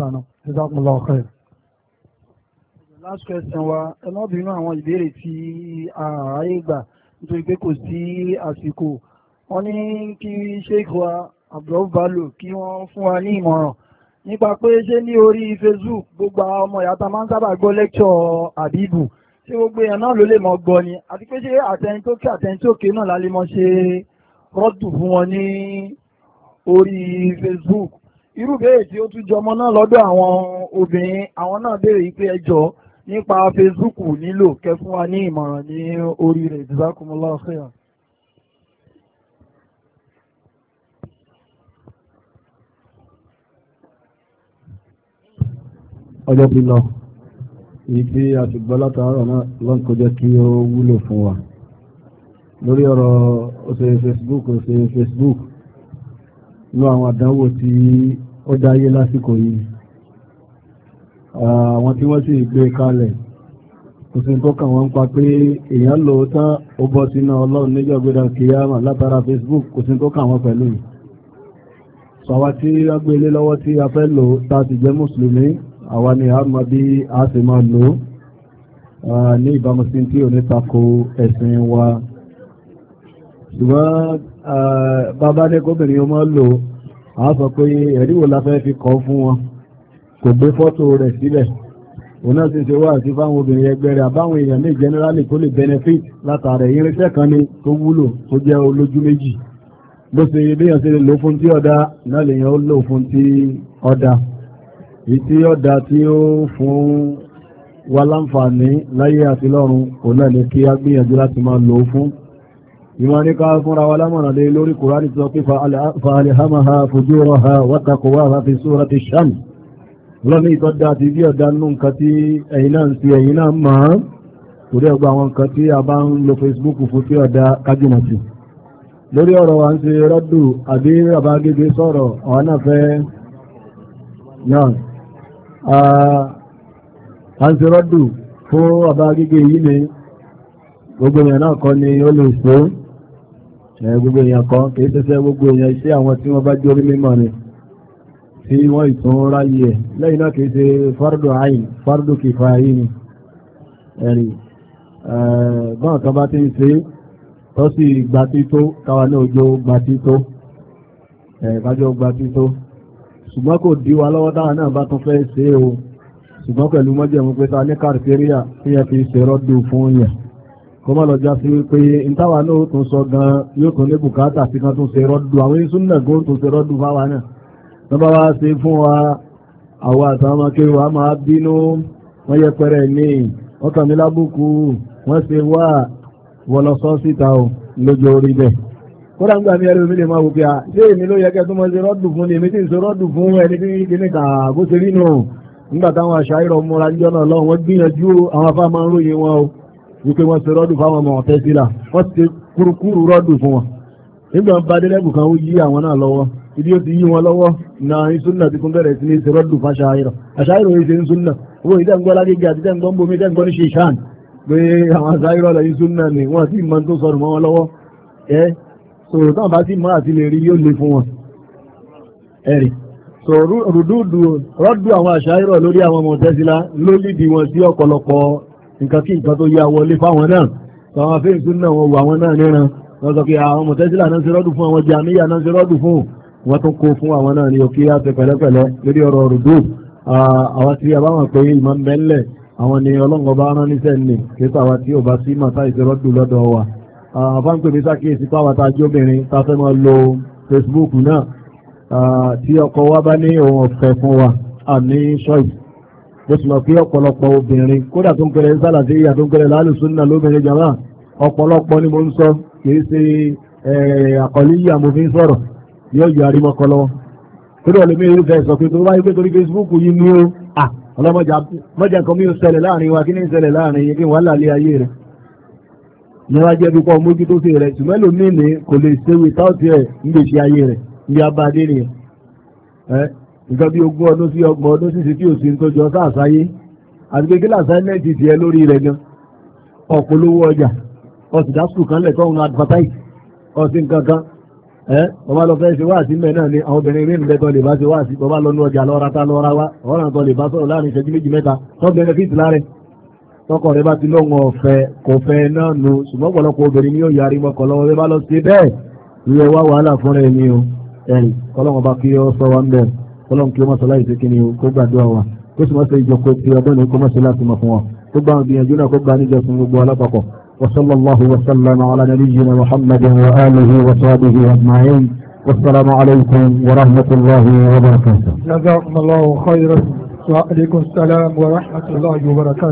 sànà jazakumullahu khair. last question wa ẹ má bínú àwọn ìbéèrè tí ààyè gbà nítorí pé kò sí àsìkò wọ́n ní kí sheikh wa abdul balo kí wọ́n fún wa ní ìmọ̀ràn nípa pé ṣé ní orí facebook gbogbo àwọn ọmọ ìyá ta máa ń sábà gbọ́ lẹ́kṣọ̀ àbíbù ṣé gbogbo èèyàn náà ló lè mọ gbọ́ ni àti pé ṣé àtẹni tó náà la lè mọ ṣe rọ́dù fún wọn ní orí facebook irú béèrè tí ó tún jọmọ náà lọ́dọ̀ àwọn obìnrin àwọn náà béèrè yìí pé ẹjọ́ nípa Facebook nílò kẹ́ fún wa ní ìmọ̀ràn ní orí rẹ̀ jazakumullahu khairan. ọjọ́ bí lọ èyí tí a ti gbọ́ látàárọ̀ náà lọ́nkọjọ́ kí ó wúlò fún wa lórí ọ̀rọ̀ ọ̀sẹ̀ Facebook ọ̀sẹ̀ Facebook ní àwọn àdánwò tí ó dáyé lásìkò yìí àwọn tí wọ́n sì gbé kalẹ̀ kò sí tó kàn wọ́n ń pa pé èèyàn lò ó bọ́ sínú ọlọ́run níjọ́ kìyàmà látara Facebook kò sí tó kàn wọ́n pẹ̀lú yìí sọ̀wá tí a gbé ilé lọ́wọ́ tí a fẹ́ lò tá a sì jẹ́ mùsùlùmí àwa ni a mọ bí a sì máa lò ní ìbámu sí tí ò ní tako ẹ̀sìn wa ṣùgbọ́n bàbá ní gómìnà ọmọ lò á sọ pé ẹ̀rí wo la fẹ́ fi kọ́ fún wọn kò gbé fọ́tò rẹ̀ sílẹ̀ òun náà sì ṣe wá sí fáwọn obìnrin ẹgbẹ́ rẹ̀ àbáwọn èèyàn ní generally tó lè benefit látàrẹ irinṣẹ́ kan ní tó wúlò tó jẹ́ olójú méjì bó ṣe iléyàn ṣe lè lò fún tí ọ̀dá náà lèyàn ó lò fún tí ọ̀dá ìtí ọ̀dá tí ó fún wa láǹfààní láyé àti lọ́run òun náà ní kí á gbìyànjú láti máa lò fún ìmọ̀ ní ká fúnra wa lámọ̀ràn lé lórí kùránì tó pé fa'alhamaha fujuraha wa taqwaha fi surati shams lọ́nà ìtọ́dá àti bí ọ̀dá nínú nǹkan tí ẹ̀yin náà ń fi ẹ̀yin náà mọ̀ ọ́n torí ọgbà àwọn nǹkan tí a bá ń lo Facebook fún tí ọ̀dá kájùmọ̀ sí lórí ọ̀rọ̀ wa ń ṣe rọ́dù àbí bàbá gègé sọ̀rọ̀ àwọn náà fẹ́ náà a ń ṣe rọ́dù fún bàbá gègé yìí ni gbogbo èèyàn náà kọ́ ni ó lè ṣe é gbogbo èèyàn kan kìí tẹ́sẹ́ gbogbo èèyàn iṣẹ́ àwọn tí wọ́n bá jẹ́ orí mímọ̀ ni tí wọ́n ìtàn ráyè ẹ̀ lẹ́yìn náà kìí ṣe fardo ayin fardo kìfà yìí ni ẹ̀rì bọ́n kan bá ti ń ṣe tó sì gba tító káwa náà jó gba tító ẹ̀ẹ́dájọ́ gba tító ṣùgbọ́n kò dí wa lọ́wọ́ dáhà náà bá tún fẹ́ ṣe o ṣùgbọ́n pẹ̀lú mọ́jẹ̀mú pé ta ní kàrìtẹ́ríà tí ẹ fi ṣèrọ́dù fún yẹn kó má lọ já sí wípé ìtawà náà ó tún sọ gan yóò tún ní bùkátà sí kan tún ṣe rọ́dù àwọn iṣu náà tún ṣe rọ́dù fáwa náà tó bá wá ṣe fún wa àwọn àtàwọn akéwì wa máa bínú wọ́n yẹ pẹ̀rẹ̀ ní ọkàn mi lábùkù wọ́n ṣe wá wọlọ́sọ́ síta o lójú orí bẹ́ẹ̀ kódà ń gbà mí ẹrú mi lè máa wò pé à ṣé èmi ló yẹ kẹ́ tó mọ ṣe rọ́dù fún ni èmi tí ń ṣe rọ́dù fún ẹni tí kìíní kà bó ṣe rí nù wípé wọ́n ṣe rọ́dù fáwọn ọmọ ọ̀tẹ́ sílà wọ́n ṣe kúrukúrú rọ́dù fún wọn nígbà ń ba délẹ́gùn kan ó yí àwọn náà lọ́wọ́ ibi ó ti yí wọn lọ́wọ́ na ìsúnà ti kún bẹ̀rẹ̀ sí ní ṣe rọ́dù fáṣáírọ̀ àṣáírọ̀ yìí ṣe ń súnà owó ìdẹ́gbọ́n lágége àti dẹ́gbọ́n bomi dẹ́gbọ́n ní ṣìṣàn pé àwọn àṣáírọ̀ lọ yìí súnà ni wọ́n sì mọ tó sọ̀rọ̀ mọ́ wọn lọ́wọ́ ẹ sọ̀rọ̀ táwọn bá sì mọ́ àti lè rí yóò le fún wọn ẹ̀rì sọ̀rọ̀ rọ́dù àwọn àṣáírọ̀ lórí àwọn mọ̀tẹ́sílá ló lìdí wọn sí ọ̀pọ̀lọpọ̀ nǹkan kí nǹkan tó yá wọlé fáwọn náà àwọn afẹ́ǹsì náà wọ́n wọ àwọn náà níran wọ́n sọ pé àwọn mọ̀tẹ́sílà náà ṣe rọ́dù fún àwọn jàmíyà náà ṣe rọ́dù fún wọ́n tún kó fún àwọn náà ní òkè àti pẹ̀lẹ́pẹ̀lẹ́ lórí ọ̀rọ̀ rùdù àwọn tí a bá wọn pé ìmọ̀ ń àwọn ni ọlọ́ngọ̀ bá rán níṣẹ́ ni kí sáwa tí a jẹ́ obìnrin tá a fẹ́ máa lo Facebook náà tí ọkọ wa bá ní ohun bó ti mọ̀ pé ọ̀pọ̀lọpọ̀ obìnrin kódà tó ń kẹrẹ sálàsí ìyà tó ń kẹrẹ láàlù súnà lóbìnrin jàmá ọ̀pọ̀lọpọ̀ ni mo ń sọ kì í ṣe àkọlé yìí àmọ́ fi ń sọ̀rọ̀ yóò yọ àrímọ́kọ lọ́wọ́ kódà olómi yóò fẹ́ sọ pé tó wáyé pé torí Facebook yìí ní o à ọlọ́mọjà kan mi ò ṣẹlẹ̀ láàrin wa kí ní ṣẹlẹ̀ láàrin yìí kí wọ́n lálẹ́ ayé rẹ̀ níwá jẹ́ bí kọ́ mójútó sí rẹ̀ ṣùgbọ́n lómi ní kò lè ṣe without ẹ̀ ń nǹkan bí ogún ọdún sí ọgbọ̀n ọdún sísè tí ò sí tó jọ sáàsáyé àti pé kílà sáyẹ́ǹtì tiẹ̀ lórí rẹ̀ gan ọ̀pọ̀lọpọ̀ ọjà ọ̀sì dásùkù kan lẹ̀ tọ́hún advertise ọ̀sì nǹkan kan ẹ́ bàbá lọ fẹ́ ṣe wá sí mẹ́ náà ni àwọn obìnrin rí nìbẹ́ tọ́ lè bá ṣe wá sí bàbá lọ nú ọjà lọ́ra tá lọ́ra wá ọ̀ràn tọ́ lè bá sọ̀rọ̀ láàrin ìṣẹ́jú méjì mẹ́ta tọ́ benefit láàrẹ̀ tọkọ rẹ bá ti lọ́wọ́ ọ̀fẹ́ kò fẹ́ náà nu ṣùgbọ́n ọ̀pọ̀lọpọ̀ obìnrin ni yóò yarí mọ́kọ̀ lọ́wọ́ bẹ́ẹ̀ bá lọ sí bẹ́ẹ̀ ìyẹn wá wàhálà fúnra ẹni o ẹ̀rì kọ́lọ́wọ́n bá kí ọ sọ wa ń bẹ̀rẹ̀ kọ́lọ́n kí ó mọ́sọ̀lá ìfẹ́ kí ni kó gbàdúrà wa kó sì mọ́sọ̀ ìjọkọ̀ tí ọdún ní kó mọ́sọ̀lá ti mọ̀ fún wa kó gbà gbìyànjú náà kó gbà níjọ fún gbogbo alápapọ̀ وصلى الله وسلم على نبينا محمد وآله وصحبه أجمعين والسلام عليكم ورحمة الله وبركاته جزاكم الله خيرا وعليكم السلام ورحمة الله وبركاته